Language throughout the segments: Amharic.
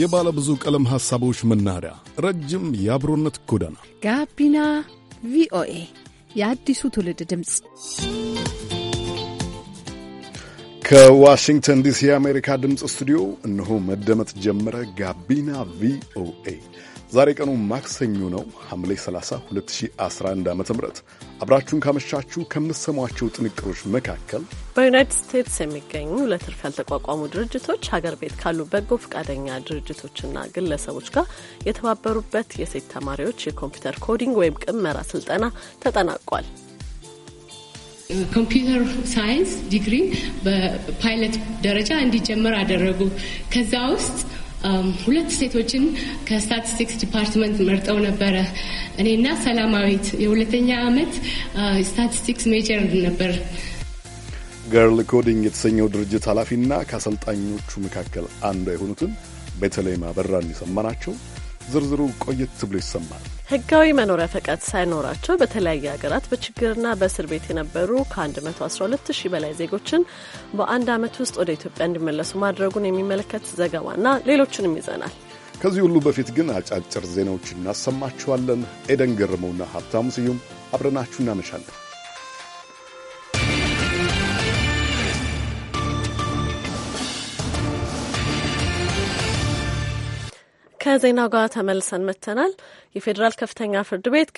የባለ ብዙ ቀለም ሐሳቦች መናኸሪያ፣ ረጅም የአብሮነት ጎዳና ጋቢና ቪኦኤ የአዲሱ ትውልድ ድምፅ ከዋሽንግተን ዲሲ የአሜሪካ ድምፅ ስቱዲዮ እነሆ መደመጥ ጀመረ። ጋቢና ቪኦኤ ዛሬ ቀኑ ማክሰኞ ነው ሐምሌ 30 2011 ዓ ም አብራችሁን ካመሻችሁ ከምትሰሟቸው ጥንቅሮች መካከል በዩናይትድ ስቴትስ የሚገኙ ለትርፍ ያልተቋቋሙ ድርጅቶች ሀገር ቤት ካሉ በጎ ፈቃደኛ ድርጅቶችና ግለሰቦች ጋር የተባበሩበት የሴት ተማሪዎች የኮምፒውተር ኮዲንግ ወይም ቅመራ ስልጠና ተጠናቋል። ኮምፒውተር ሳይንስ ዲግሪ በፓይለት ደረጃ እንዲጀምር አደረጉ። ከዛ ውስጥ ሁለት ሴቶችን ከስታቲስቲክስ ዲፓርትመንት መርጠው ነበረ። እኔና ሰላማዊት የሁለተኛ ዓመት ስታቲስቲክስ ሜጀር ነበር። ገርል ኮዲንግ የተሰኘው ድርጅት ኃላፊና ከአሰልጣኞቹ መካከል አንዷ የሆኑትን በተለይ ማበራን የሰማናቸው ዝርዝሩ ቆየት ብሎ ይሰማል። ህጋዊ መኖሪያ ፈቃድ ሳይኖራቸው በተለያየ ሀገራት በችግርና በእስር ቤት የነበሩ ከ112 ሺህ በላይ ዜጎችን በአንድ ዓመት ውስጥ ወደ ኢትዮጵያ እንዲመለሱ ማድረጉን የሚመለከት ዘገባና ሌሎችንም ይዘናል። ከዚህ ሁሉ በፊት ግን አጫጭር ዜናዎች እናሰማችኋለን። ኤደን ገርመውና ሀብታሙ ስዩም አብረናችሁ እናመሻለን። ከዜናው ጋር ተመልሰን መጥተናል። የፌዴራል ከፍተኛ ፍርድ ቤት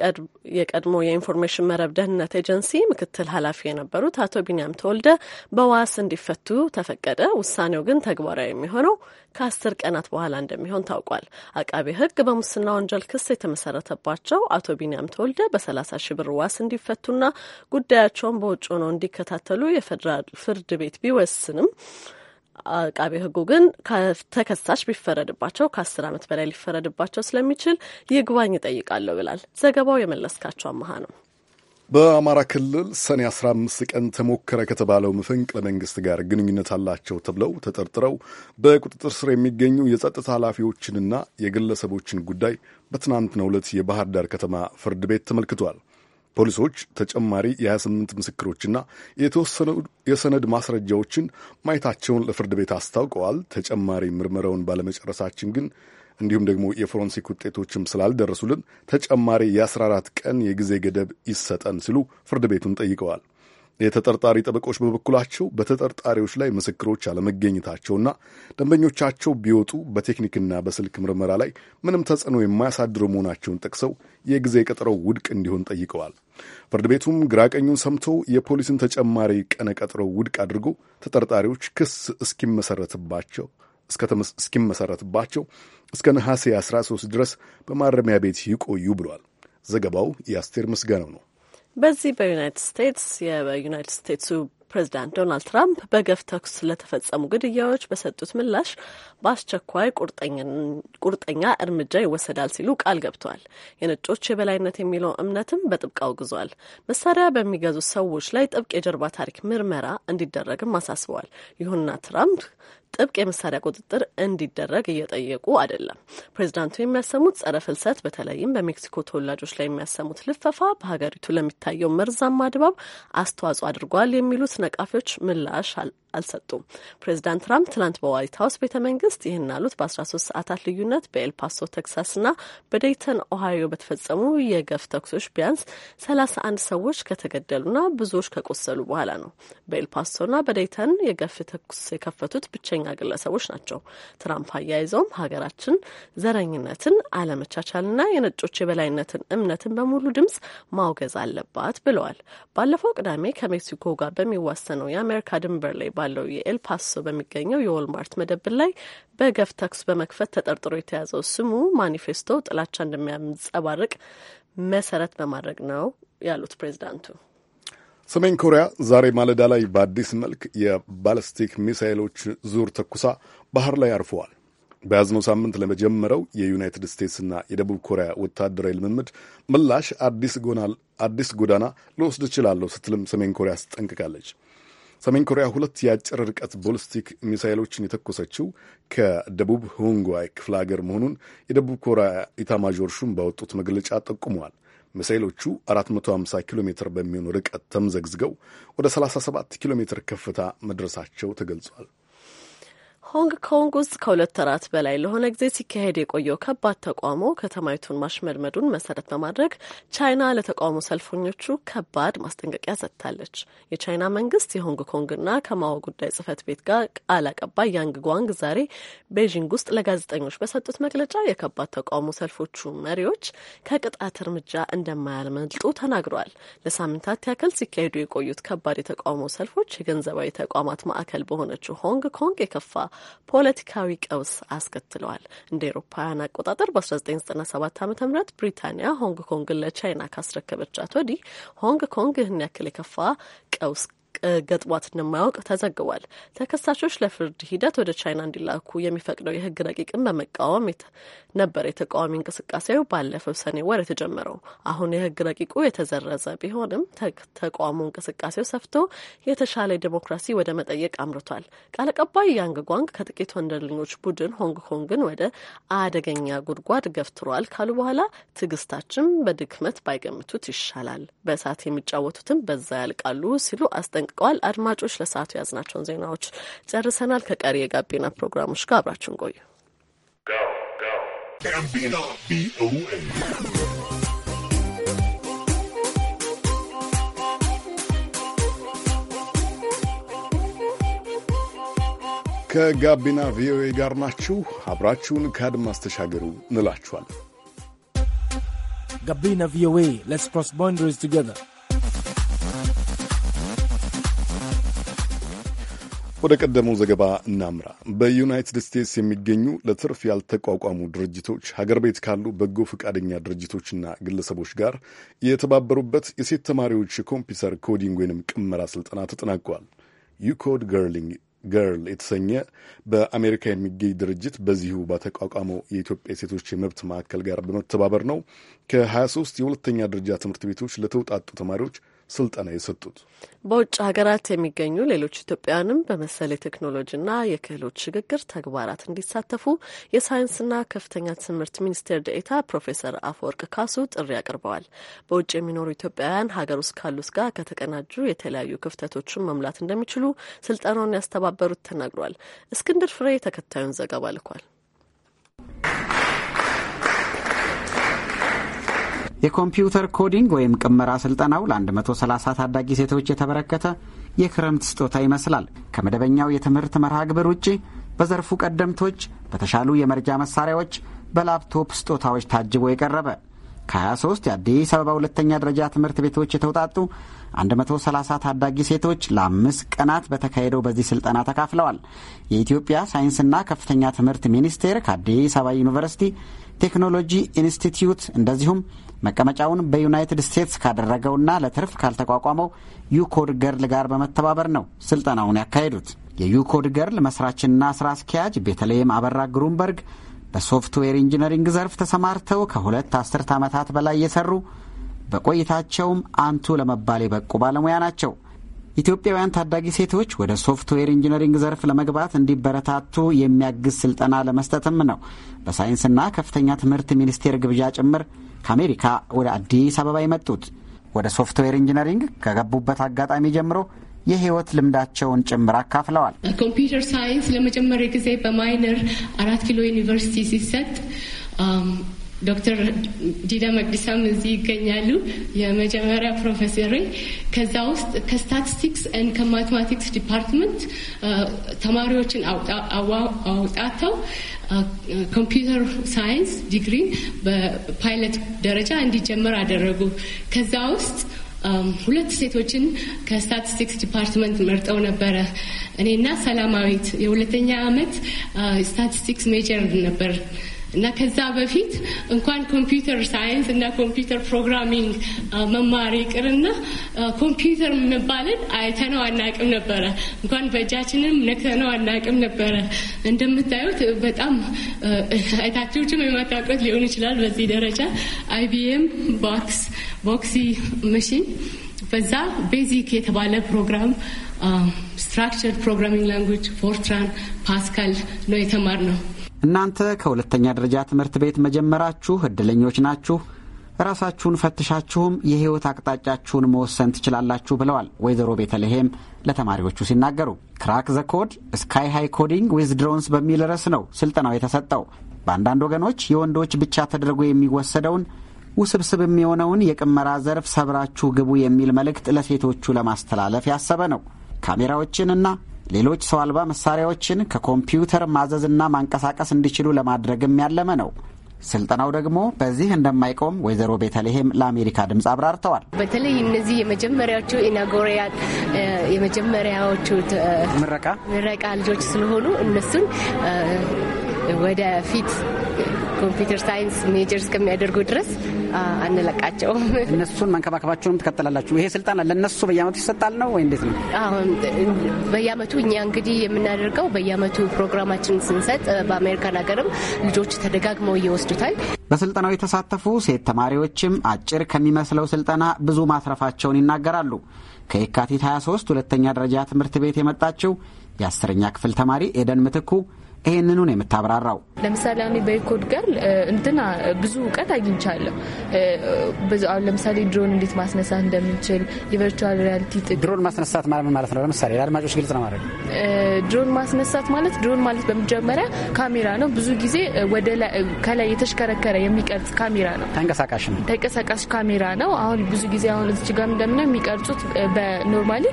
የቀድሞ የኢንፎርሜሽን መረብ ደህንነት ኤጀንሲ ምክትል ኃላፊ የነበሩት አቶ ቢንያም ተወልደ በዋስ እንዲፈቱ ተፈቀደ። ውሳኔው ግን ተግባራዊ የሚሆነው ከአስር ቀናት በኋላ እንደሚሆን ታውቋል። አቃቤ ሕግ በሙስና ወንጀል ክስ የተመሰረተባቸው አቶ ቢንያም ተወልደ በሰላሳ ሺ ብር ዋስ እንዲፈቱና ጉዳያቸውን በውጭ ሆነው እንዲከታተሉ የፌዴራል ፍርድ ቤት ቢወስንም አቃቤ ሕጉ ግን ተከሳሽ ቢፈረድባቸው ከአስር ዓመት በላይ ሊፈረድባቸው ስለሚችል ይግባኝ ይጠይቃለሁ ብላል። ዘገባው የመለስካቸው አመሀ ነው። በአማራ ክልል ሰኔ 15 ቀን ተሞከረ ከተባለው መፈንቅለ መንግስት ጋር ግንኙነት አላቸው ተብለው ተጠርጥረው በቁጥጥር ስር የሚገኙ የጸጥታ ኃላፊዎችንና የግለሰቦችን ጉዳይ በትናንትናው ዕለት የባህር ዳር ከተማ ፍርድ ቤት ተመልክቷል። ፖሊሶች ተጨማሪ የ28 ምስክሮችና የተወሰኑ የሰነድ ማስረጃዎችን ማየታቸውን ለፍርድ ቤት አስታውቀዋል። ተጨማሪ ምርመራውን ባለመጨረሳችን ግን እንዲሁም ደግሞ የፎረንሲክ ውጤቶችም ስላልደረሱልን ተጨማሪ የ14 ቀን የጊዜ ገደብ ይሰጠን ሲሉ ፍርድ ቤቱን ጠይቀዋል። የተጠርጣሪ ጠበቆች በበኩላቸው በተጠርጣሪዎች ላይ ምስክሮች አለመገኘታቸውና ደንበኞቻቸው ቢወጡ በቴክኒክና በስልክ ምርመራ ላይ ምንም ተጽዕኖ የማያሳድሩ መሆናቸውን ጠቅሰው የጊዜ ቀጠሮው ውድቅ እንዲሆን ጠይቀዋል። ፍርድ ቤቱም ግራቀኙን ሰምቶ የፖሊስን ተጨማሪ ቀነ ቀጠሮ ውድቅ አድርጎ ተጠርጣሪዎች ክስ እስኪመሰረትባቸው እስኪመሰረትባቸው እስከ ነሐሴ 13 ድረስ በማረሚያ ቤት ይቆዩ ብሏል። ዘገባው የአስቴር ምስጋናው ነው። በዚህ በዩናይትድ ስቴትስ የዩናይትድ ስቴትሱ ፕሬዚዳንት ዶናልድ ትራምፕ በገፍ ተኩስ ለተፈጸሙ ግድያዎች በሰጡት ምላሽ በአስቸኳይ ቁርጠኛ እርምጃ ይወሰዳል ሲሉ ቃል ገብተዋል። የነጮች የበላይነት የሚለው እምነትም በጥብቅ አውግዟል። መሳሪያ በሚገዙ ሰዎች ላይ ጥብቅ የጀርባ ታሪክ ምርመራ እንዲደረግም አሳስበዋል። ይሁንና ትራምፕ ጥብቅ የመሳሪያ ቁጥጥር እንዲደረግ እየጠየቁ አይደለም። ፕሬዚዳንቱ የሚያሰሙት ጸረ ፍልሰት በተለይም በሜክሲኮ ተወላጆች ላይ የሚያሰሙት ልፈፋ በሀገሪቱ ለሚታየው መርዛማ ድባብ አስተዋጽኦ አድርጓል የሚሉት ነቃፊዎች ምላሽ አልሰጡም። ፕሬዚዳንት ትራምፕ ትናንት በዋይት ሀውስ ቤተ መንግስት ይህን አሉት በ13 ሰዓታት ልዩነት በኤልፓሶ ተክሳስና በደይተን ኦሃዮ በተፈጸሙ የገፍ ተኩሶች ቢያንስ 31 ሰዎች ከተገደሉና ብዙዎች ከቆሰሉ በኋላ ነው። በኤልፓሶና በደይተን የገፍ ተኩስ የከፈቱት ብቸኛ ግለሰቦች ናቸው። ትራምፕ አያይዘውም ሀገራችን ዘረኝነትን፣ አለመቻቻልና የነጮች የበላይነትን እምነትን በሙሉ ድምጽ ማውገዝ አለባት ብለዋል። ባለፈው ቅዳሜ ከሜክሲኮ ጋር በሚዋሰነው የአሜሪካ ድንበር ላይ ባለው የኤልፓሶ በሚገኘው የወልማርት መደብር ላይ በገፍ ተኩስ በመክፈት ተጠርጥሮ የተያዘው ስሙ ማኒፌስቶ ጥላቻ እንደሚያንጸባርቅ መሰረት በማድረግ ነው ያሉት ፕሬዚዳንቱ። ሰሜን ኮሪያ ዛሬ ማለዳ ላይ በአዲስ መልክ የባለስቲክ ሚሳይሎች ዙር ተኩሳ ባህር ላይ አርፈዋል። በያዝነው ሳምንት ለመጀመረው የዩናይትድ ስቴትስና የደቡብ ኮሪያ ወታደራዊ ልምምድ ምላሽ አዲስ ጎዳና ልወስድ እችላለሁ ስትልም ሰሜን ኮሪያ አስጠንቅቃለች። ሰሜን ኮሪያ ሁለት የአጭር ርቀት ቦሊስቲክ ሚሳይሎችን የተኮሰችው ከደቡብ ሆንጓይ ክፍለ ሀገር መሆኑን የደቡብ ኮሪያ ኢታማዦር ሹም ባወጡት መግለጫ ጠቁመዋል። ሚሳይሎቹ 450 ኪሎ ሜትር በሚሆን ርቀት ተምዘግዝገው ወደ 37 ኪሎ ሜትር ከፍታ መድረሳቸው ተገልጿል። ሆንግ ኮንግ ውስጥ ከሁለት ወራት በላይ ለሆነ ጊዜ ሲካሄድ የቆየው ከባድ ተቃውሞ ከተማይቱን ማሽመድመዱን መሰረት በማድረግ ቻይና ለተቃውሞ ሰልፈኞቹ ከባድ ማስጠንቀቂያ ሰጥታለች። የቻይና መንግስት የሆንግ ኮንግና ከማኦ ጉዳይ ጽህፈት ቤት ጋር ቃል አቀባይ ያንግ ጓንግ ዛሬ ቤዥንግ ውስጥ ለጋዜጠኞች በሰጡት መግለጫ የከባድ ተቃውሞ ሰልፎቹ መሪዎች ከቅጣት እርምጃ እንደማያመልጡ ተናግረዋል። ለሳምንታት ያክል ሲካሄዱ የቆዩት ከባድ የተቃውሞ ሰልፎች የገንዘባዊ ተቋማት ማዕከል በሆነችው ሆንግ ኮንግ የከፋ ፖለቲካዊ ቀውስ አስከትለዋል። እንደ ኤሮፓውያን አቆጣጠር በ1997 ዓ ም ብሪታንያ ሆንግ ኮንግን ለቻይና ካስረከበቻት ወዲህ ሆንግ ኮንግ ይህን ያክል የከፋ ቀውስ ገጥሟት እንደማያውቅ ተዘግቧል። ተከሳሾች ለፍርድ ሂደት ወደ ቻይና እንዲላኩ የሚፈቅደው የህግ ረቂቅን በመቃወም ነበር የተቃዋሚ እንቅስቃሴው ባለፈው ሰኔ ወር የተጀመረው። አሁን የህግ ረቂቁ የተዘረዘ ቢሆንም ተቃውሞ እንቅስቃሴው ሰፍቶ የተሻለ ዴሞክራሲ ወደ መጠየቅ አምርቷል። ቃል አቀባይ ያንግ ጓንግ ከጥቂት ወንደልኞች ቡድን ሆንግ ኮንግን ወደ አደገኛ ጉድጓድ ገፍትሯል ካሉ በኋላ ትዕግስታችን በድክመት ባይገምቱት ይሻላል፣ በእሳት የሚጫወቱትም በዛ ያልቃሉ ሲሉ አስጠ አስጠንቅቀዋል። አድማጮች ለሰዓቱ የያዝናቸውን ዜናዎች ጨርሰናል። ከቀሪ የጋቢና ፕሮግራሞች ጋር አብራችሁን ቆዩ። ከጋቢና ቪኦኤ ጋር ናችሁ። አብራችሁን ከአድማስ ተሻገሩ እንላችኋል። ጋቢና ቪኦኤ ሌትስ ክሮስ ባውንደሪስ ቱጌዘር ወደ ቀደመው ዘገባ እናምራ። በዩናይትድ ስቴትስ የሚገኙ ለትርፍ ያልተቋቋሙ ድርጅቶች ሀገር ቤት ካሉ በጎ ፈቃደኛ ድርጅቶችና ግለሰቦች ጋር የተባበሩበት የሴት ተማሪዎች የኮምፒውተር ኮዲንግ ወይንም ቅመራ ስልጠና ተጠናቋል። ዩኮድ ገርሊንግ ገርል የተሰኘ በአሜሪካ የሚገኝ ድርጅት በዚሁ በተቋቋመው የኢትዮጵያ ሴቶች የመብት ማዕከል ጋር በመተባበር ነው ከ23 የሁለተኛ ደረጃ ትምህርት ቤቶች ለተውጣጡ ተማሪዎች ስልጠና የሰጡት። በውጭ ሀገራት የሚገኙ ሌሎች ኢትዮጵያውያንም በመሰል የቴክኖሎጂና የክህሎች ሽግግር ተግባራት እንዲሳተፉ የሳይንስና ከፍተኛ ትምህርት ሚኒስቴር ደኤታ ፕሮፌሰር አፈወርቅ ካሱ ጥሪ አቅርበዋል። በውጭ የሚኖሩ ኢትዮጵያውያን ሀገር ውስጥ ካሉት ጋር ከተቀናጁ የተለያዩ ክፍተቶችን መሙላት እንደሚችሉ ስልጠናውን ያስተባበሩት ተናግሯል። እስክንድር ፍሬ ተከታዩን ዘገባ ልኳል። የኮምፒውተር ኮዲንግ ወይም ቅመራ ስልጠናው ለ130 ታዳጊ ሴቶች የተበረከተ የክረምት ስጦታ ይመስላል። ከመደበኛው የትምህርት መርሃ ግብር ውጪ በዘርፉ ቀደምቶች በተሻሉ የመርጃ መሳሪያዎች፣ በላፕቶፕ ስጦታዎች ታጅቦ የቀረበ ከ23 የአዲስ አበባ ሁለተኛ ደረጃ ትምህርት ቤቶች የተውጣጡ 130 ታዳጊ ሴቶች ለአምስት ቀናት በተካሄደው በዚህ ስልጠና ተካፍለዋል። የኢትዮጵያ ሳይንስና ከፍተኛ ትምህርት ሚኒስቴር ከአዲስ አበባ ዩኒቨርሲቲ ቴክኖሎጂ ኢንስቲትዩት እንደዚሁም መቀመጫውን በዩናይትድ ስቴትስ ካደረገውና ለትርፍ ካልተቋቋመው ዩኮድ ገርል ጋር በመተባበር ነው ስልጠናውን ያካሄዱት። የዩኮድ ገርል መስራችና ስራ አስኪያጅ ቤተልሔም አበራ ግሩምበርግ በሶፍትዌር ኢንጂነሪንግ ዘርፍ ተሰማርተው ከሁለት አስርት ዓመታት በላይ የሰሩ በቆይታቸውም አንቱ ለመባል የበቁ ባለሙያ ናቸው። ኢትዮጵያውያን ታዳጊ ሴቶች ወደ ሶፍትዌር ኢንጂነሪንግ ዘርፍ ለመግባት እንዲበረታቱ የሚያግዝ ስልጠና ለመስጠትም ነው በሳይንስና ከፍተኛ ትምህርት ሚኒስቴር ግብዣ ጭምር ከአሜሪካ ወደ አዲስ አበባ የመጡት። ወደ ሶፍትዌር ኢንጂነሪንግ ከገቡበት አጋጣሚ ጀምሮ የህይወት ልምዳቸውን ጭምር አካፍለዋል። ኮምፒውተር ሳይንስ ለመጀመሪያ ጊዜ በማይነር አራት ኪሎ ዩኒቨርሲቲ ሲሰጥ ዶክተር ዲዳ መቅዲሳም እዚህ ይገኛሉ። የመጀመሪያ ፕሮፌሰሪ። ከዛ ውስጥ ከስታቲስቲክስ ን ከማቴማቲክስ ዲፓርትመንት uh, ተማሪዎችን አውጣተው uh, ኮምፒውተር ሳይንስ ዲግሪ በፓይለት ደረጃ እንዲጀመር አደረጉ። ከዛ ውስጥ um, ሁለት ሴቶችን ከስታቲስቲክስ ዲፓርትመንት መርጠው ነበረ። እኔና ሰላማዊት የሁለተኛ አመት uh, ስታቲስቲክስ ሜጀር ነበር። እና ከዛ በፊት እንኳን ኮምፒውተር ሳይንስ እና ኮምፒውተር ፕሮግራሚንግ መማር ይቅርና ኮምፒውተር መባልን አይተነው አናቅም ነበረ። እንኳን በእጃችንም ነክተነው አናቅም ነበረ። እንደምታዩት በጣም አይታችሁችም የማታውቁት ሊሆን ይችላል። በዚህ ደረጃ አይቢኤም ቦክስ ቦክሲ መሽን በዛ ቤዚክ የተባለ ፕሮግራም ስትራክቸር ፕሮግራሚንግ ላንጉጅ ፎርትራን ፓስካል ነው የተማር ነው። እናንተ ከሁለተኛ ደረጃ ትምህርት ቤት መጀመራችሁ እድለኞች ናችሁ፣ ራሳችሁን ፈትሻችሁም የህይወት አቅጣጫችሁን መወሰን ትችላላችሁ ብለዋል ወይዘሮ ቤተልሔም ለተማሪዎቹ ሲናገሩ። ክራክ ዘ ኮድ ስካይ ሃይ ኮዲንግ ዊዝ ድሮንስ በሚል ርዕስ ነው ስልጠናው የተሰጠው። በአንዳንድ ወገኖች የወንዶች ብቻ ተደርጎ የሚወሰደውን ውስብስብ የሚሆነውን የቅመራ ዘርፍ ሰብራችሁ ግቡ የሚል መልእክት ለሴቶቹ ለማስተላለፍ ያሰበ ነው። ካሜራዎችን እና ሌሎች ሰው አልባ መሳሪያዎችን ከኮምፒውተር ማዘዝና ማንቀሳቀስ እንዲችሉ ለማድረግም ያለመ ነው። ስልጠናው ደግሞ በዚህ እንደማይቆም ወይዘሮ ቤተልሔም ለአሜሪካ ድምፅ አብራርተዋል። በተለይ እነዚህ የመጀመሪያዎቹ ኢናጎሪያ የመጀመሪያዎቹ ምረቃ ልጆች ስለሆኑ እነሱን ወደፊት ኮምፒውተር ሳይንስ ሜጀር እስከሚያደርጉ ድረስ አንለቃቸውም። እነሱን መንከባከባቸውንም ትቀጥላላችሁ? ይሄ ስልጠና ለእነሱ በየአመቱ ይሰጣል ነው ወይ እንዴት ነው? በየአመቱ እኛ እንግዲህ የምናደርገው በየአመቱ ፕሮግራማችንን ስንሰጥ በአሜሪካን ሀገርም ልጆች ተደጋግመው ይወስዱታል። በስልጠናው የተሳተፉ ሴት ተማሪዎችም አጭር ከሚመስለው ስልጠና ብዙ ማትረፋቸውን ይናገራሉ። ከየካቲት 23 ሁለተኛ ደረጃ ትምህርት ቤት የመጣችው የአስረኛ ክፍል ተማሪ ኤደን ምትኩ ይህንኑን የምታብራራው ለምሳሌ አሁን በኢኮድ ጋር እንትና ብዙ እውቀት አግኝቻለሁ። ለምሳሌ ድሮን እንዴት ማስነሳት እንደምንችል የቨርቹዋል ሪያሊቲ ድሮን ማስነሳት ማለት ማለት ነው? ለምሳሌ ለአድማጮች ግልጽ ነው ማድረግ ድሮን ማስነሳት ማለት ድሮን ማለት በመጀመሪያ ካሜራ ነው። ብዙ ጊዜ ወደ ከላይ የተሽከረከረ የሚቀርጽ ካሜራ ነው። ተንቀሳቃሽ ነው። ተንቀሳቃሽ ካሜራ ነው። አሁን ብዙ ጊዜ አሁን እዚህ ጋር እንደምና የሚቀርጹት በኖርማሊ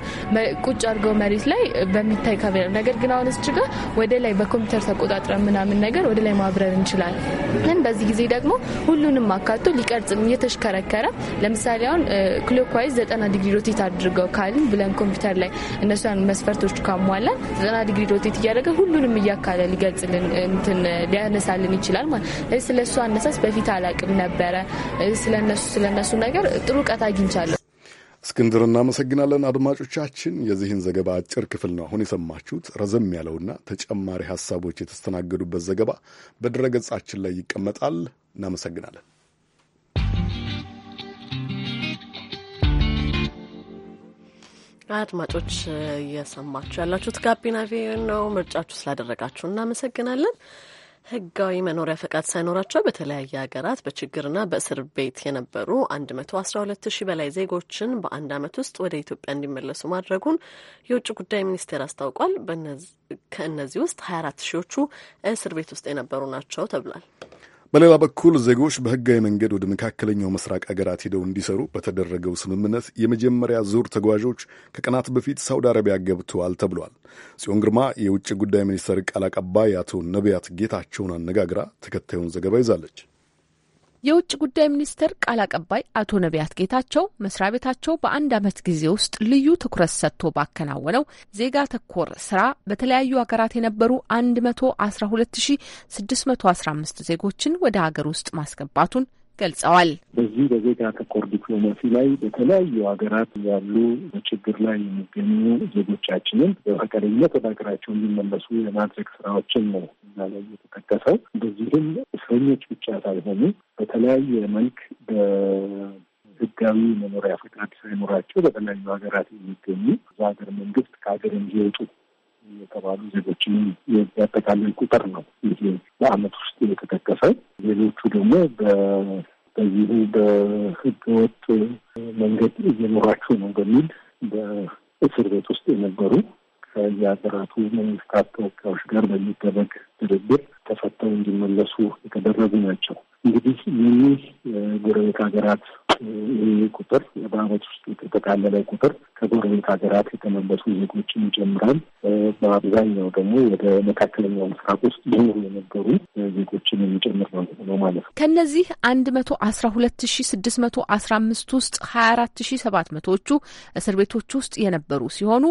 ቁጭ አድርገው መሬት ላይ በሚታይ ካሜራ ነገር ግን አሁን እዚህ ጋር ወደ ላይ በኮምፒውተር ቴምፕሬቸር ተቆጣጥረን ምናምን ነገር ወደ ላይ ማብረር እንችላል። ግን በዚህ ጊዜ ደግሞ ሁሉንም አካቶ ሊቀርጽም እየተሽከረከረ ለምሳሌ አሁን ክሎክዋይዝ ዘጠና ዲግሪ ሮቴት አድርገው ካልን ብለን ኮምፒውተር ላይ እነሷን መስፈርቶች ካሟላን ዘጠና ዲግሪ ሮቴት እያደረገ ሁሉንም እያካለ ሊገልጽልን እንትን ሊያነሳልን ይችላል ማለት ስለ እሱ አነሳስ በፊት አላቅም ነበረ። ስለነሱ ስለነሱ ነገር ጥሩ እውቀት አግኝቻለሁ። እስክንድር እናመሰግናለን። አድማጮቻችን፣ የዚህን ዘገባ አጭር ክፍል ነው አሁን የሰማችሁት። ረዘም ያለውና ተጨማሪ ሀሳቦች የተስተናገዱበት ዘገባ ገጻችን ላይ ይቀመጣል። እናመሰግናለን። አድማጮች እየሰማችሁ ያላችሁት ጋቢና ቪኦኤ ነው። ምርጫችሁ ስላደረጋችሁ እናመሰግናለን። ህጋዊ መኖሪያ ፈቃድ ሳይኖራቸው በተለያየ ሀገራት በችግርና በእስር ቤት የነበሩ 112 ሺህ በላይ ዜጎችን በአንድ ዓመት ውስጥ ወደ ኢትዮጵያ እንዲመለሱ ማድረጉን የውጭ ጉዳይ ሚኒስቴር አስታውቋል። ከእነዚህ ውስጥ 24 ሺዎቹ እስር ቤት ውስጥ የነበሩ ናቸው ተብሏል። በሌላ በኩል ዜጎች በህጋዊ መንገድ ወደ መካከለኛው ምስራቅ አገራት ሄደው እንዲሰሩ በተደረገው ስምምነት የመጀመሪያ ዙር ተጓዦች ከቀናት በፊት ሳውዲ አረቢያ ገብተዋል ተብሏል። ጽዮን ግርማ የውጭ ጉዳይ ሚኒስቴር ቃል አቀባይ አቶ ነቢያት ጌታቸውን አነጋግራ ተከታዩን ዘገባ ይዛለች። የውጭ ጉዳይ ሚኒስቴር ቃል አቀባይ አቶ ነቢያት ጌታቸው መስሪያ ቤታቸው በአንድ ዓመት ጊዜ ውስጥ ልዩ ትኩረት ሰጥቶ ባከናወነው ዜጋ ተኮር ስራ በተለያዩ ሀገራት የነበሩ 112615 ዜጎችን ወደ ሀገር ውስጥ ማስገባቱን ገልጸዋል። በዚህ በዜጋ ተኮር ዲፕሎማሲ ላይ በተለያዩ ሀገራት ያሉ በችግር ላይ የሚገኙ ዜጎቻችንን በፈቃደኝነት ወደ ሀገራቸው እንዲመለሱ የማድረግ ስራዎችን ነው እና ላይ የተጠቀሰው። በዚህም እስረኞች ብቻ ሳይሆኑ በተለያየ መልክ ህጋዊ መኖሪያ ፈቃድ ሳይኖራቸው በተለያዩ ሀገራት የሚገኙ በሀገር መንግስት ከሀገር እንዲወጡ የተባሉ ዜጎችን ያጠቃለል ቁጥር ነው ይሄ በአመት ውስጥ የተጠቀሰ። ሌሎቹ ደግሞ በዚሁ ወጥ መንገድ እየኖራቸው ነው በሚል በእስር ቤት ውስጥ የነበሩ ከየሀገራቱ መንግስታት ተወካዮች ጋር በሚደረግ ድርድር ተፈተው እንዲመለሱ የተደረጉ ናቸው። እንግዲህ የኒህ ጎረቤት ሀገራት ይህ ቁጥር በአመት ውስጥ የተጠቃለለ ቁጥር ከጎረቤት ሀገራት የተመለሱ ዜጎችን ይጨምራል። በአብዛኛው ደግሞ ወደ መካከለኛው ምስራቅ ውስጥ ይኖሩ የነበሩ ዜጎችን የሚጨምር ነው ማለት ነው። ከእነዚህ አንድ መቶ አስራ ሁለት ሺ ስድስት መቶ አስራ አምስት ውስጥ ሀያ አራት ሺ ሰባት መቶዎቹ እስር ቤቶች ውስጥ የነበሩ ሲሆኑ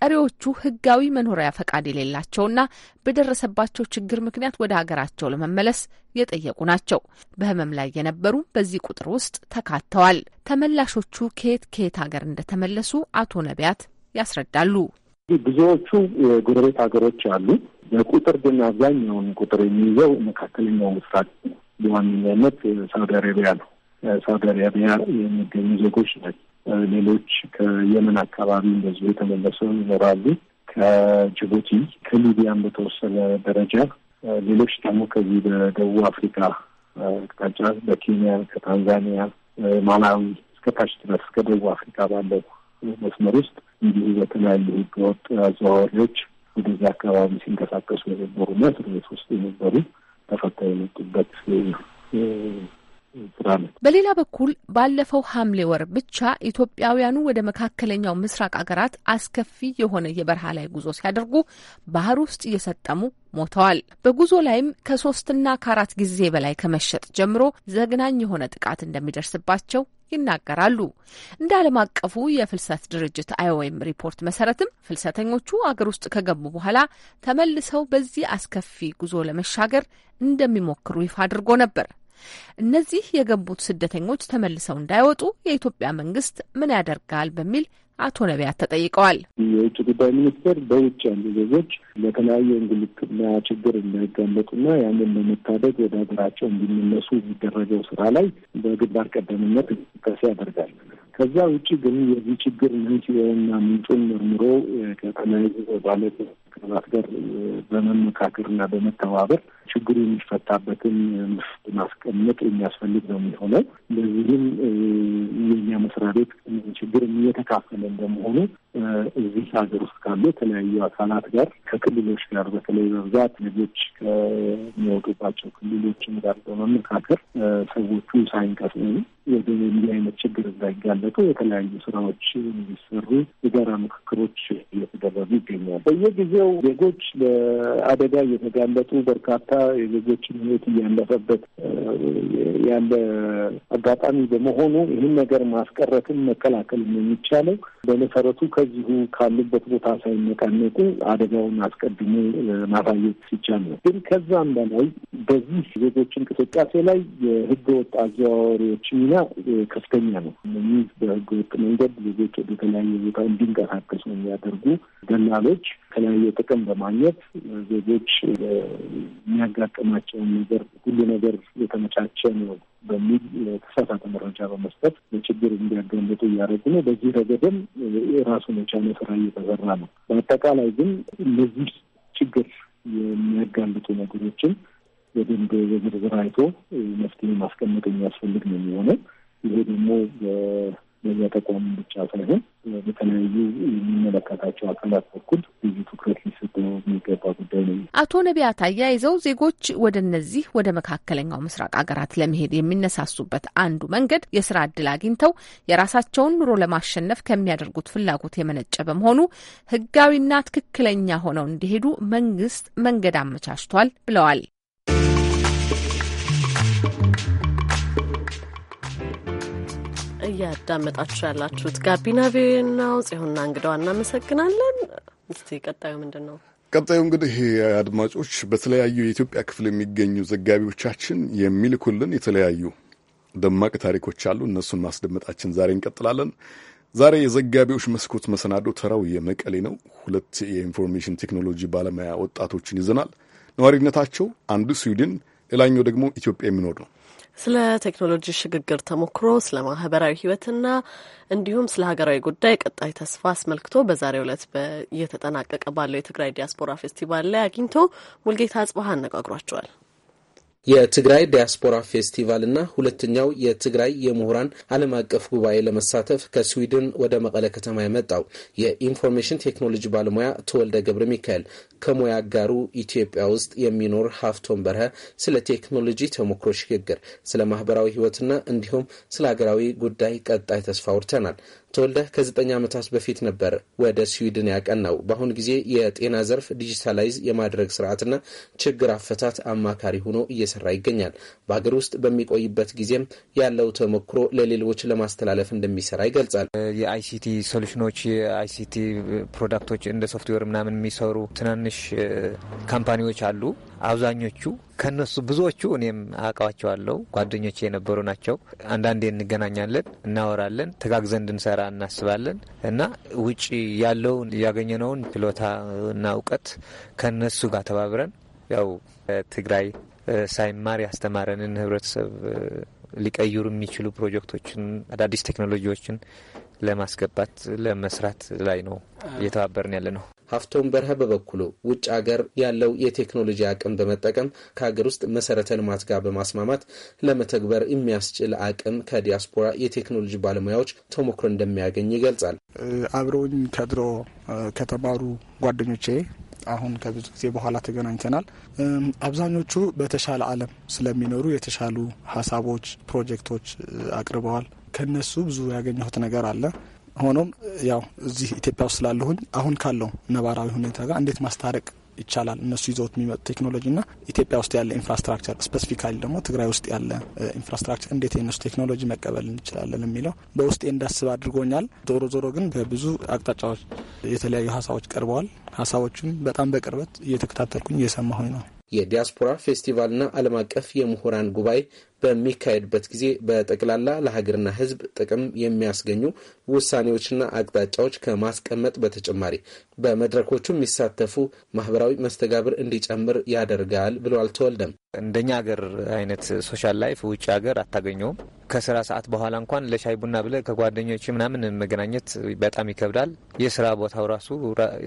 ቀሪዎቹ ህጋዊ መኖሪያ ፈቃድ የሌላቸውና በደረሰባቸው ችግር ምክንያት ወደ ሀገራቸው ለመመለስ የጠየቁ ናቸው። በህመም ላይ የነበሩ በዚህ ቁጥር ውስጥ ተካተዋል። ተመላሾቹ ከየት ከየት ሀገር እንደተመለሱ አቶ ነቢያት ያስረዳሉ። ብዙዎቹ የጎረቤት ሀገሮች አሉ። በቁጥር ግን አብዛኛውን ቁጥር የሚይዘው መካከለኛው ምስራቅ በዋነኛነት ሳውዲ አረቢያ ነው። ሳውዲ አረቢያ የሚገኙ ዜጎች ናቸው። ሌሎች ከየመን አካባቢ እንደዚሁ የተመለሰው ይኖራሉ። ከጅቡቲ ከሊቢያም በተወሰነ ደረጃ ሌሎች ደግሞ ከዚህ በደቡብ አፍሪካ አቅጣጫ በኬንያ፣ ከታንዛኒያ፣ ማላዊ እስከታች ድረስ እስከ ደቡብ አፍሪካ ባለው መስመር ውስጥ እንዲሁ በተለያዩ ህገወጥ አዘዋዋሪዎች ወደዚህ አካባቢ ሲንቀሳቀሱ የነበሩና እስር ቤት ውስጥ የነበሩ ተፈታ የመጡበት እንሞክራለን። በሌላ በኩል ባለፈው ሐምሌ ወር ብቻ ኢትዮጵያውያኑ ወደ መካከለኛው ምስራቅ ሀገራት አስከፊ የሆነ የበረሃ ላይ ጉዞ ሲያደርጉ ባህር ውስጥ እየሰጠሙ ሞተዋል። በጉዞ ላይም ከሶስትና ከአራት ጊዜ በላይ ከመሸጥ ጀምሮ ዘግናኝ የሆነ ጥቃት እንደሚደርስባቸው ይናገራሉ። እንደ ዓለም አቀፉ የፍልሰት ድርጅት አይኦኤም ሪፖርት መሰረትም ፍልሰተኞቹ አገር ውስጥ ከገቡ በኋላ ተመልሰው በዚህ አስከፊ ጉዞ ለመሻገር እንደሚሞክሩ ይፋ አድርጎ ነበር። እነዚህ የገቡት ስደተኞች ተመልሰው እንዳይወጡ የኢትዮጵያ መንግስት ምን ያደርጋል በሚል አቶ ነቢያት ተጠይቀዋል። የውጭ ጉዳይ ሚኒስቴር በውጭ ያሉ ዜጎች ለተለያየ እንግልትና ችግር እንዳይጋለጡና ያንን ለመታደግ ወደ ሀገራቸው እንዲመለሱ የሚደረገው ስራ ላይ በግንባር ቀደምነት እንቅስቃሴ ያደርጋል። ከዛ ውጭ ግን የዚህ ችግር መንስኤውና ምንጩን መርምሮ ከተለያዩ ባለ አካላት ጋር በመመካከርና በመተባበር ችግሩ የሚፈታበትን ማስቀመጥ የሚያስፈልግ ነው የሚሆነው። ለዚህም የኛ መስሪያ ቤት ችግር እየተካፈለ እንደመሆኑ እዚህ ሀገር ውስጥ ካሉ የተለያዩ አካላት ጋር ከክልሎች ጋር በተለይ በብዛት ልጆች ከሚወጡባቸው ክልሎችም ጋር በመመካከር ሰዎቹ ሳይንቀስ ወደ እንዲህ አይነት ችግር እንዳይጋለጡ የተለያዩ ስራዎች እንዲሰሩ የጋራ ምክክሮች እየተደረጉ ይገኛል። በየጊዜው ዜጎች ለአደጋ እየተጋለጡ በርካታ የዜጎችን ህይወት እያለፈበት ያለ አጋጣሚ በመሆኑ ይህን ነገር ማስቀረትን መከላከል የሚቻለው በመሰረቱ ከዚሁ ካሉበት ቦታ ሳይነቃነቁ አደጋውን አስቀድሞ ማሳየት ሲቻል ነው። ግን ከዛም በላይ በዚህ ዜጎች እንቅስቃሴ ላይ የህገወጥ አዘዋዋሪዎች ሚና ከፍተኛ ነው። እነዚህ ወጥ መንገድ ዜጎች ወደ ተለያየ ቦታ እንዲንቀሳቀሱ የሚያደርጉ ደላሎች ከተለያየ ጥቅም በማግኘት ዜጎች ያጋጠማቸውን ነገር ሁሉ ነገር የተመቻቸ ነው በሚል ተሳሳተ መረጃ በመስጠት ለችግር እንዲያጋለጡ እያደረጉ ነው። በዚህ ረገድም ራሱን የቻለ ስራ እየተሰራ ነው። በአጠቃላይ ግን እነዚህ ችግር የሚያጋልጡ ነገሮችን በደንብ በዝርዝር አይቶ መፍትሄ ማስቀመጥ የሚያስፈልግ ነው የሚሆነው ይሄ ደግሞ በዚያ ተቋሙ ብቻ ሳይሆን በተለያዩ የሚመለከታቸው አካላት በኩል ብዙ ትኩረት ሊሰጥ የሚገባ ጉዳይ ነው። አቶ ነቢያት አያይዘው ዜጎች ወደ እነዚህ ወደ መካከለኛው ምስራቅ ሀገራት ለመሄድ የሚነሳሱበት አንዱ መንገድ የስራ እድል አግኝተው የራሳቸውን ኑሮ ለማሸነፍ ከሚያደርጉት ፍላጎት የመነጨ በመሆኑ ህጋዊና ትክክለኛ ሆነው እንዲሄዱ መንግስት መንገድ አመቻችቷል ብለዋል። እያዳመጣችሁ ያላችሁት ጋቢና ቪኦኤ ነው። ጽዮንና እንግዳዋ እናመሰግናለን። እስቲ ቀጣዩ ምንድን ነው? ቀጣዩ እንግዲህ አድማጮች በተለያዩ የኢትዮጵያ ክፍል የሚገኙ ዘጋቢዎቻችን የሚልኩልን የተለያዩ ደማቅ ታሪኮች አሉ። እነሱን ማስደመጣችን ዛሬ እንቀጥላለን። ዛሬ የዘጋቢዎች መስኮት መሰናዶ ተራው የመቀሌ ነው። ሁለት የኢንፎርሜሽን ቴክኖሎጂ ባለሙያ ወጣቶችን ይዘናል። ነዋሪነታቸው አንዱ ስዊድን፣ ሌላኛው ደግሞ ኢትዮጵያ የሚኖር ነው። ስለ ቴክኖሎጂ ሽግግር ተሞክሮ፣ ስለ ማህበራዊ ህይወትና እንዲሁም ስለ ሀገራዊ ጉዳይ ቀጣይ ተስፋ አስመልክቶ በዛሬው ዕለት እየተጠናቀቀ ባለው የትግራይ ዲያስፖራ ፌስቲቫል ላይ አግኝቶ ሙልጌታ አጽባሀ አነጋግሯቸዋል። የትግራይ ዲያስፖራ ፌስቲቫል እና ሁለተኛው የትግራይ የምሁራን ዓለም አቀፍ ጉባኤ ለመሳተፍ ከስዊድን ወደ መቀለ ከተማ የመጣው የኢንፎርሜሽን ቴክኖሎጂ ባለሙያ ተወልደ ገብረ ሚካኤል ከሙያ አጋሩ ኢትዮጵያ ውስጥ የሚኖር ሀፍቶን በርሀ ስለ ቴክኖሎጂ ተሞክሮ ሽግግር፣ ስለ ማህበራዊ ህይወትና እንዲሁም ስለ ሀገራዊ ጉዳይ ቀጣይ ተስፋ አውርተናል። ተወልደህ ከዘጠኝ ዓመታት በፊት ነበር ወደ ስዊድን ያቀናው። በአሁኑ ጊዜ የጤና ዘርፍ ዲጂታላይዝ የማድረግ ስርዓትና ችግር አፈታት አማካሪ ሆኖ እየሰራ ይገኛል። በሀገር ውስጥ በሚቆይበት ጊዜም ያለው ተሞክሮ ለሌሎች ለማስተላለፍ እንደሚሰራ ይገልጻል። የአይሲቲ ሶሉሽኖች፣ የአይሲቲ ፕሮዳክቶች እንደ ሶፍትዌር ምናምን የሚሰሩ ትናንሽ ካምፓኒዎች አሉ። አብዛኞቹ ከነሱ ብዙዎቹ እኔም አውቃቸዋለሁ። ጓደኞቼ የነበሩ ናቸው። አንዳንዴ እንገናኛለን፣ እናወራለን፣ ተጋግዘን እንድንሰራ እናስባለን እና ውጭ ያለውን ያገኘነውን ችሎታ እና እውቀት ከነሱ ጋር ተባብረን ያው ትግራይ ሳይማር ያስተማረንን ህብረተሰብ ሊቀይሩ የሚችሉ ፕሮጀክቶችን አዳዲስ ቴክኖሎጂዎችን ለማስገባት ለመስራት ላይ ነው እየተባበርን ያለ ነው። ሀፍቶም በርሀ በበኩሉ ውጭ ሀገር ያለው የቴክኖሎጂ አቅም በመጠቀም ከሀገር ውስጥ መሰረተ ልማት ጋር በማስማማት ለመተግበር የሚያስችል አቅም ከዲያስፖራ የቴክኖሎጂ ባለሙያዎች ተሞክሮ እንደሚያገኝ ይገልጻል። አብረውኝ ከድሮ ከተማሩ ጓደኞቼ አሁን ከብዙ ጊዜ በኋላ ተገናኝተናል። አብዛኞቹ በተሻለ ዓለም ስለሚኖሩ የተሻሉ ሀሳቦች፣ ፕሮጀክቶች አቅርበዋል። ከነሱ ብዙ ያገኘሁት ነገር አለ። ሆኖም ያው እዚህ ኢትዮጵያ ውስጥ ስላለሁኝ አሁን ካለው ነባራዊ ሁኔታ ጋር እንዴት ማስታረቅ ይቻላል እነሱ ይዘውት የሚመጡ ቴክኖሎጂና ኢትዮጵያ ውስጥ ያለ ኢንፍራስትራክቸር ስፔሲፊካሊ ደግሞ ትግራይ ውስጥ ያለ ኢንፍራስትራክቸር እንዴት የነሱ ቴክኖሎጂ መቀበል እንችላለን የሚለው በውስጤ እንዳስብ አድርጎኛል። ዞሮ ዞሮ ግን በብዙ አቅጣጫዎች የተለያዩ ሀሳቦች ቀርበዋል። ሀሳቦቹን በጣም በቅርበት እየተከታተልኩኝ እየሰማሁኝ ነው። የዲያስፖራ ፌስቲቫልና ዓለም አቀፍ የምሁራን ጉባኤ በሚካሄድበት ጊዜ በጠቅላላ ለሀገርና ሕዝብ ጥቅም የሚያስገኙ ውሳኔዎችና አቅጣጫዎች ከማስቀመጥ በተጨማሪ በመድረኮቹ የሚሳተፉ ማህበራዊ መስተጋብር እንዲጨምር ያደርጋል ብለዋል። ተወልደም እንደኛ ሀገር አይነት ሶሻል ላይፍ ውጭ ሀገር አታገኘውም። ከስራ ሰዓት በኋላ እንኳን ለሻይ ቡና ብለ ከጓደኞች ምናምን መገናኘት በጣም ይከብዳል። የስራ ቦታው ራሱ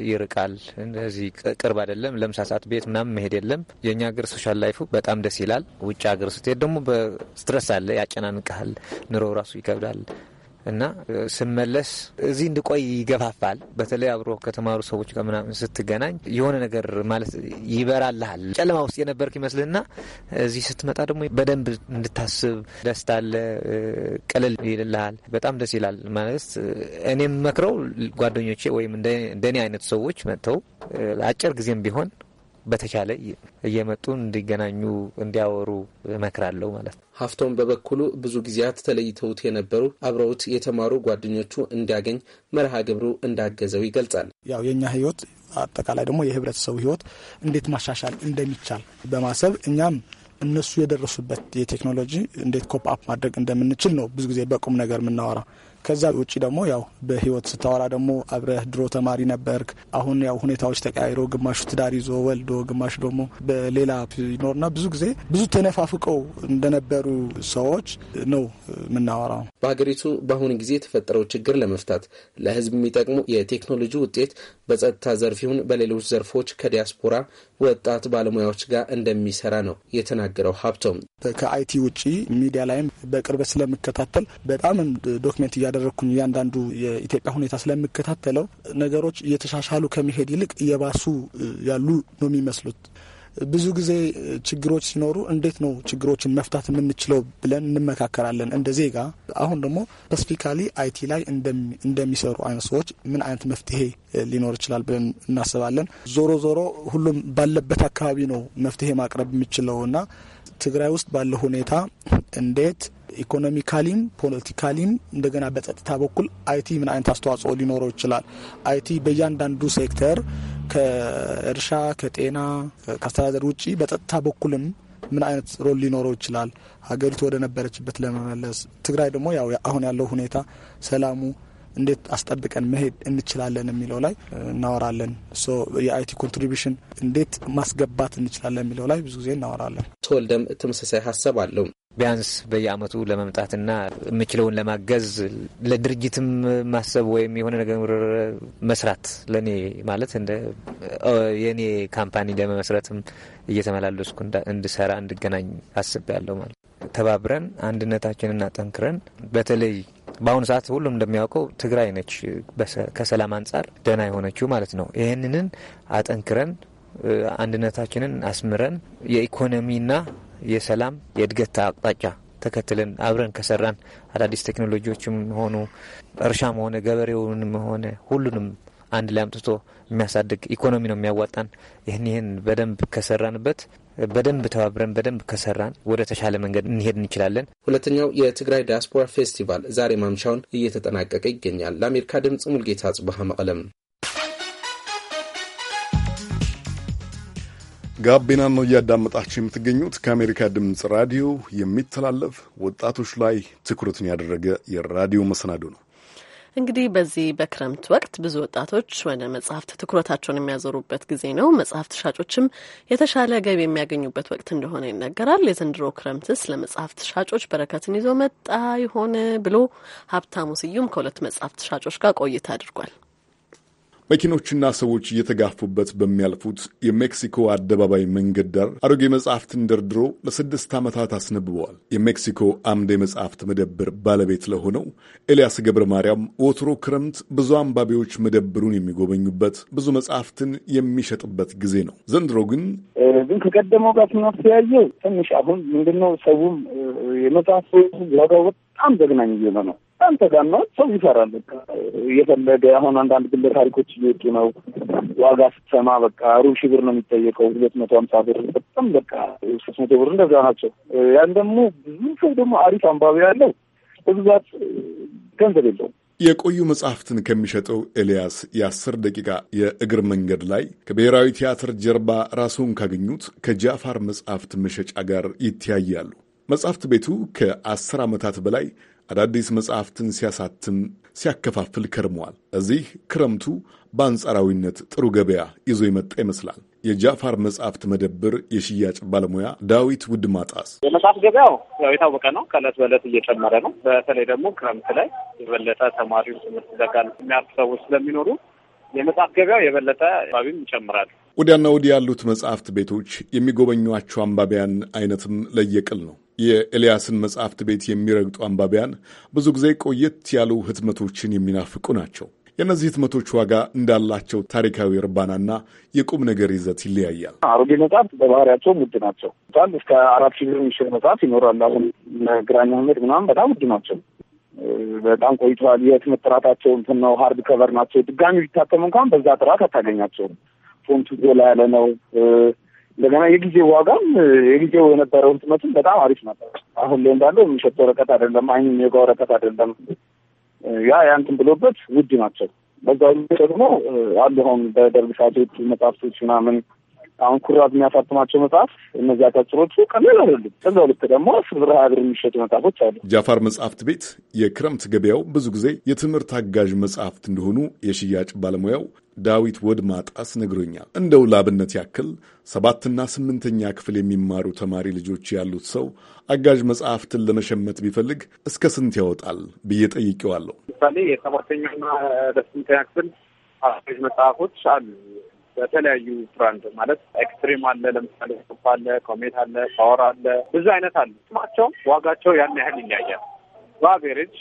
ይርቃል። እንደዚህ ቅርብ አይደለም። ለምሳ ሰዓት ቤት ምናምን መሄድ የለም። የእኛ ሀገር ሶሻል ላይፉ በጣም ደስ ይላል። ውጭ ሀገር ስትሄድ ደግሞ ስትረስ አለ፣ ያጨናንቀሃል፣ ኑሮ ራሱ ይከብዳል። እና ስመለስ እዚህ እንድቆይ ይገፋፋል። በተለይ አብሮ ከተማሩ ሰዎች ጋር ምናምን ስትገናኝ የሆነ ነገር ማለት ይበራልሃል። ጨለማ ውስጥ የነበርክ ይመስልና እዚህ ስትመጣ ደግሞ በደንብ እንድታስብ ደስታ አለ፣ ቀለል ይልልሃል። በጣም ደስ ይላል። ማለት እኔም መክረው ጓደኞቼ ወይም እንደኔ አይነት ሰዎች መጥተው አጭር ጊዜም ቢሆን በተቻለ እየመጡ እንዲገናኙ እንዲያወሩ እመክራለሁ ማለት ነው። ሀፍቶም በበኩሉ ብዙ ጊዜያት ተለይተውት የነበሩ አብረውት የተማሩ ጓደኞቹ እንዲያገኝ መርሃ ግብሩ እንዳገዘው ይገልጻል። ያው የእኛ ህይወት አጠቃላይ ደግሞ የህብረተሰቡ ህይወት እንዴት ማሻሻል እንደሚቻል በማሰብ እኛም እነሱ የደረሱበት የቴክኖሎጂ እንዴት ኮፕ አፕ ማድረግ እንደምንችል ነው ብዙ ጊዜ በቁም ነገር የምናወራ ከዛ ውጭ ደግሞ ያው በህይወት ስታወራ ደግሞ አብረህ ድሮ ተማሪ ነበርክ። አሁን ያው ሁኔታዎች ተቀያይሮ ግማሹ ትዳር ይዞ ወልዶ፣ ግማሹ ደግሞ በሌላ ይኖርና ብዙ ጊዜ ብዙ ተነፋፍቀው እንደነበሩ ሰዎች ነው የምናወራው። በሀገሪቱ በአሁኑ ጊዜ የተፈጠረው ችግር ለመፍታት ለህዝብ የሚጠቅሙ የቴክኖሎጂ ውጤት በጸጥታ ዘርፍ ይሁን በሌሎች ዘርፎች ከዲያስፖራ ወጣት ባለሙያዎች ጋር እንደሚሰራ ነው የተናገረው። ሀብቶም ከአይቲ ውጭ ሚዲያ ላይም በቅርበት ስለምከታተል በጣም ዶክመንት እያደ እያደረግኩኝ እያንዳንዱ የኢትዮጵያ ሁኔታ ስለሚከታተለው ነገሮች እየተሻሻሉ ከመሄድ ይልቅ እየባሱ ያሉ ነው የሚመስሉት። ብዙ ጊዜ ችግሮች ሲኖሩ እንዴት ነው ችግሮችን መፍታት የምንችለው ብለን እንመካከራለን እንደ ዜጋ። አሁን ደግሞ ስፔሲፊካሊ አይቲ ላይ እንደሚሰሩ አይነት ሰዎች ምን አይነት መፍትሄ ሊኖር ይችላል ብለን እናስባለን። ዞሮ ዞሮ ሁሉም ባለበት አካባቢ ነው መፍትሄ ማቅረብ የሚችለው እና ትግራይ ውስጥ ባለው ሁኔታ እንዴት ኢኮኖሚካሊም ፖለቲካሊም እንደገና በጸጥታ በኩል አይቲ ምን አይነት አስተዋጽኦ ሊኖረው ይችላል? አይቲ በእያንዳንዱ ሴክተር ከእርሻ፣ ከጤና፣ ከአስተዳደር ውጭ በጸጥታ በኩልም ምን አይነት ሮል ሊኖረው ይችላል? ሀገሪቱ ወደ ነበረችበት ለመመለስ ትግራይ ደግሞ ያው አሁን ያለው ሁኔታ ሰላሙ እንዴት አስጠብቀን መሄድ እንችላለን የሚለው ላይ እናወራለን። የአይቲ ኮንትሪቢሽን እንዴት ማስገባት እንችላለን የሚለው ላይ ብዙ ጊዜ እናወራለን። ተወልደም ተመሳሳይ ሀሳብ አለው። ቢያንስ በየአመቱ ለመምጣትና የምችለውን ለማገዝ ለድርጅትም ማሰብ ወይም የሆነ ነገር መስራት ለእኔ ማለት እንደ የእኔ ካምፓኒ ለመመስረትም እየተመላለስኩ እንድሰራ እንድገናኝ አስቤያለሁ። ማለት ተባብረን አንድነታችንን አጠንክረን በተለይ በአሁኑ ሰዓት ሁሉም እንደሚያውቀው ትግራይ ነች ከሰላም አንጻር ደህና የሆነችው ማለት ነው። ይህንንን አጠንክረን አንድነታችንን አስምረን የኢኮኖሚና የሰላም የእድገት አቅጣጫ ተከትለን አብረን ከሰራን አዳዲስ ቴክኖሎጂዎችም ሆኑ እርሻም ሆነ ገበሬውንም ሆነ ሁሉንም አንድ ላይ አምጥቶ የሚያሳድግ ኢኮኖሚ ነው የሚያዋጣን። ይህን ይህን በደንብ ከሰራንበት በደንብ ተባብረን በደንብ ከሰራን ወደ ተሻለ መንገድ እንሄድ እንችላለን። ሁለተኛው የትግራይ ዲያስፖራ ፌስቲቫል ዛሬ ማምሻውን እየተጠናቀቀ ይገኛል። ለአሜሪካ ድምፅ ሙልጌታ ጽቡሃ መቀለም ጋቢና ነው እያዳመጣችሁ የምትገኙት። ከአሜሪካ ድምፅ ራዲዮ የሚተላለፍ ወጣቶች ላይ ትኩረትን ያደረገ የራዲዮ መሰናዶ ነው። እንግዲህ በዚህ በክረምት ወቅት ብዙ ወጣቶች ወደ መጽሐፍት ትኩረታቸውን የሚያዞሩበት ጊዜ ነው። መጽሐፍት ሻጮችም የተሻለ ገቢ የሚያገኙበት ወቅት እንደሆነ ይነገራል። የዘንድሮ ክረምትስ ለመጽሐፍት ሻጮች በረከትን ይዞ መጣ ይሆን ብሎ ሀብታሙ ስዩም ከሁለት መጽሐፍት ሻጮች ጋር ቆይታ አድርጓል። መኪኖችና ሰዎች እየተጋፉበት በሚያልፉት የሜክሲኮ አደባባይ መንገድ ዳር አሮጌ መጽሐፍትን ደርድሮ ለስድስት ዓመታት አስነብበዋል። የሜክሲኮ አምደ መጽሐፍት መደብር ባለቤት ለሆነው ኤልያስ ገብረ ማርያም ወትሮ ክረምት ብዙ አንባቢዎች መደብሩን የሚጎበኙበት ብዙ መጽሐፍትን የሚሸጥበት ጊዜ ነው። ዘንድሮ ግን ግን ከቀደመው ጋር ስናስተያየው ትንሽ አሁን ምንድነው ሰውም የመጽሐፍ ዋጋው በጣም ዘግናኝ እየሆነ ነው አንተ ጋር ሰው ይፈራል። በቃ እየፈለገ አሁን አንዳንድ ግለ ታሪኮች እየወጡ ነው። ዋጋ ስትሰማ በቃ ሩብ ሺህ ብር ነው የሚጠየቀው፣ ሁለት መቶ ሀምሳ ብር በጣም በቃ ሶስት መቶ ብር እንደዛ ናቸው። ያን ደግሞ ብዙ ሰው ደግሞ አሪፍ አንባቢ ያለው በብዛት ገንዘብ የለውም። የቆዩ መጽሐፍትን ከሚሸጠው ኤልያስ የአስር ደቂቃ የእግር መንገድ ላይ ከብሔራዊ ቲያትር ጀርባ ራሱን ካገኙት ከጃፋር መጽሐፍት መሸጫ ጋር ይተያያሉ። መጽሐፍት ቤቱ ከአስር ዓመታት በላይ አዳዲስ መጽሐፍትን ሲያሳትም ሲያከፋፍል ከርመዋል። እዚህ ክረምቱ በአንጻራዊነት ጥሩ ገበያ ይዞ የመጣ ይመስላል። የጃፋር መጽሐፍት መደብር የሽያጭ ባለሙያ ዳዊት ውድ ማጣስ የመጽሐፍ ገበያው ያው የታወቀ ነው። ከእለት በእለት እየጨመረ ነው። በተለይ ደግሞ ክረምት ላይ የበለጠ ተማሪው ትምህርት ዘጋል የሚያርፍ ሰዎች ስለሚኖሩ የመጽሐፍ ገበያው የበለጠ ባቢም ይጨምራል። ወዲያና ወዲህ ያሉት መጽሐፍት ቤቶች የሚጎበኟቸው አንባቢያን አይነትም ለየቅል ነው። የኤልያስን መጽሐፍት ቤት የሚረግጡ አንባቢያን ብዙ ጊዜ ቆየት ያሉ ህትመቶችን የሚናፍቁ ናቸው። የእነዚህ ህትመቶች ዋጋ እንዳላቸው ታሪካዊ እርባናና የቁም ነገር ይዘት ይለያያል። አሮጌ መጽሐፍት በባህሪያቸው ውድ ናቸው። በጣም እስከ አራት ሺህ ብር የሚሸጥ መጽሐፍ ይኖራል። አሁን ግራኝ መሐመድ ምናምን በጣም ውድ ናቸው። በጣም ቆይተዋል። የህትመት ጥራታቸው እንትን ነው። ሀርድ ከቨር ናቸው። ድጋሚ ቢታተሙ እንኳን በዛ ጥራት አታገኛቸውም። ፎንቱ ጎላ ያለ ነው። እንደገና የጊዜ ዋጋም የጊዜው የነበረው እንትመትም በጣም አሪፍ ነበር። አሁን ላይ እንዳለው የሚሸጥ ወረቀት አይደለም፣ አይ የሚወጋ ወረቀት አይደለም። ያ ያንትን ብሎበት ውድ ናቸው። በዛ ደግሞ አሉ አሁን በደርግ ሰዓቶች መጽሐፍቶች ምናምን አሁን ኩራት የሚያሳትማቸው መጽሐፍ እነዚያ አጫጭሮቹ ቀላል አይደሉም። ከዛ ሁለት ደግሞ አስር ብር የሚሸጡ መጽሐፎች አሉ። ጃፋር መጽሐፍት ቤት የክረምት ገበያው ብዙ ጊዜ የትምህርት አጋዥ መጽሐፍት እንደሆኑ የሽያጭ ባለሙያው ዳዊት ወድማጣስ ነግሮኛል። እንደው ላብነት ያክል ሰባትና ስምንተኛ ክፍል የሚማሩ ተማሪ ልጆች ያሉት ሰው አጋዥ መጽሐፍትን ለመሸመት ቢፈልግ እስከ ስንት ያወጣል ብዬ ጠይቄዋለሁ። ምሳሌ የሰባተኛና ለስምንተኛ ክፍል አጋዥ መጽሐፎች አሉ በተለያዩ ብራንድ ማለት ኤክስትሪም አለ፣ ለምሳሌ ሱፕ አለ፣ ኮሜት አለ፣ ፓወር አለ፣ ብዙ አይነት አለ። ስማቸው ዋጋቸው ያን ያህል ይለያያል። በአቬሬጅ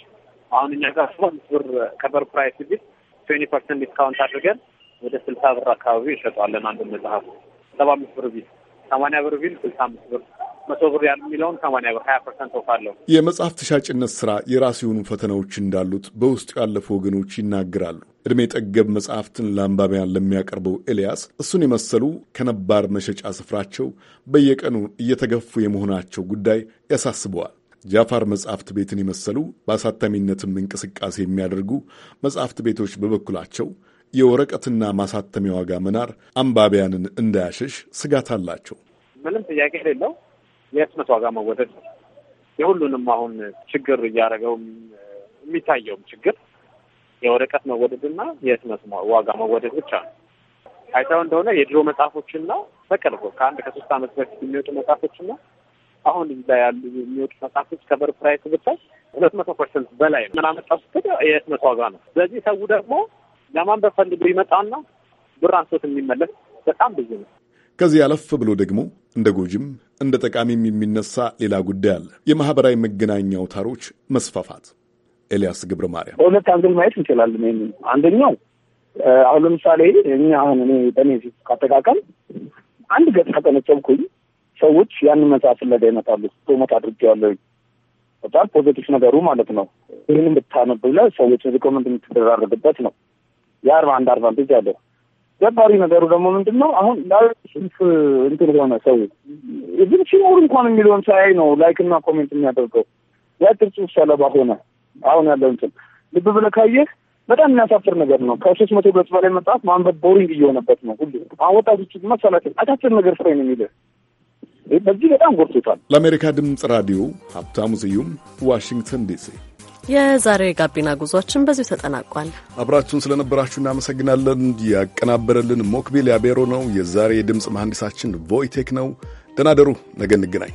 አሁን እኛ ጋር አምስት ብር ከበር ፕራይስ ቢል ትዌንቲ ፐርሰንት ዲስካውንት አድርገን ወደ ስልሳ ብር አካባቢ ይሸጠዋለን አንዱ መጽሐፍ ሰባ አምስት ብር ቢል ሰማንያ ብር ቢል ስልሳ አምስት ብር መቶ ብር የሚለውን ሰማንያ ብር ሀያ ፐርሰንት ወፍ አለው። የመጽሐፍ ተሻጭነት ስራ የራሱ የሆኑ ፈተናዎች እንዳሉት በውስጡ ያለፉ ወገኖች ይናገራሉ። እድሜ ጠገብ መጽሐፍትን ለአንባቢያን ለሚያቀርበው ኤልያስ እሱን የመሰሉ ከነባር መሸጫ ስፍራቸው በየቀኑ እየተገፉ የመሆናቸው ጉዳይ ያሳስበዋል። ጃፋር መጽሐፍት ቤትን የመሰሉ በአሳታሚነትም እንቅስቃሴ የሚያደርጉ መጽሐፍት ቤቶች በበኩላቸው የወረቀትና ማሳተሚያ ዋጋ መናር አንባቢያንን እንዳያሸሽ ስጋት አላቸው። ምንም ጥያቄ የሌለው የህትመት ዋጋ መወደድ ነው የሁሉንም አሁን ችግር እያደረገው የሚታየውም ችግር የወረቀት መወደድና የህትመት ዋጋ መወደድ ብቻ ነው። አይተው እንደሆነ የድሮ መጽሐፎችና በቅርብ ከአንድ ከሶስት አመት በፊት የሚወጡ መጽሐፎችና አሁን ላይ ያሉ የሚወጡ መጽሐፎች ከበር ፕራይስ ብታይ ሁለት መቶ ፐርሰንት በላይ ነው። ምናመጣው ስትል የህትመት ዋጋ ነው። ስለዚህ ሰው ደግሞ ለማንበብ ፈልጎ ይመጣና ብር አንሶት የሚመለስ በጣም ብዙ ነው። ከዚህ አለፍ ብሎ ደግሞ እንደ ጎጂም እንደ ጠቃሚም የሚነሳ ሌላ ጉዳይ አለ፣ የማህበራዊ መገናኛ አውታሮች መስፋፋት። ኤልያስ ግብረ ማርያም በሁለት አንግል ማየት እንችላለን። ይህንን አንደኛው አሁን ለምሳሌ እኛ አሁን እኔ በእኔ ካጠቃቀም አንድ ገጽ ከጠነጨብኩኝ ሰዎች ያንን መጽሐፍ ፍለጋ ይመጣሉ። ፕሮሞት አድርጌዋለሁ። በጣም ፖዘቲቭ ነገሩ ማለት ነው። ይህንም ብታነብ ብለህ ሰዎችን ሪኮመንድ የምትደራረግበት ነው። የአርባ አንድ አርባ አንድ ያለው ገባሪ ነገሩ ደግሞ ምንድን ነው? አሁን ጽሁፍ እንትን ሆነ ሰው ግን ሲኖር እንኳን የሚለውን ሳያይ ነው ላይክ እና ኮሜንት የሚያደርገው የአጭር ጽሁፍ ሰለባ ሆነ። አሁን ያለው እንትን ልብ ብለህ ካየህ በጣም የሚያሳፍር ነገር ነው። ከሶስት መቶ ገጽ በላይ መጽሐፍ ማንበብ ቦሪንግ እየሆነበት ነው ሁሉ አሁን ወጣቶች መሰላት አጫጭር ነገር ስራ ነው የሚልህ በዚህ በጣም ጎርቶታል። ለአሜሪካ ድምፅ ራዲዮ ሀብታሙ ስዩም ዋሽንግተን ዲሲ የዛሬ የጋቢና ጉዟችን በዚሁ ተጠናቋል። አብራችሁን ስለነበራችሁ እናመሰግናለን። ያቀናበረልን ሞክቢል ያቤሮ ነው። የዛሬ የድምፅ መሐንዲሳችን ቮይቴክ ነው። ደናደሩ ነገ እንገናኝ።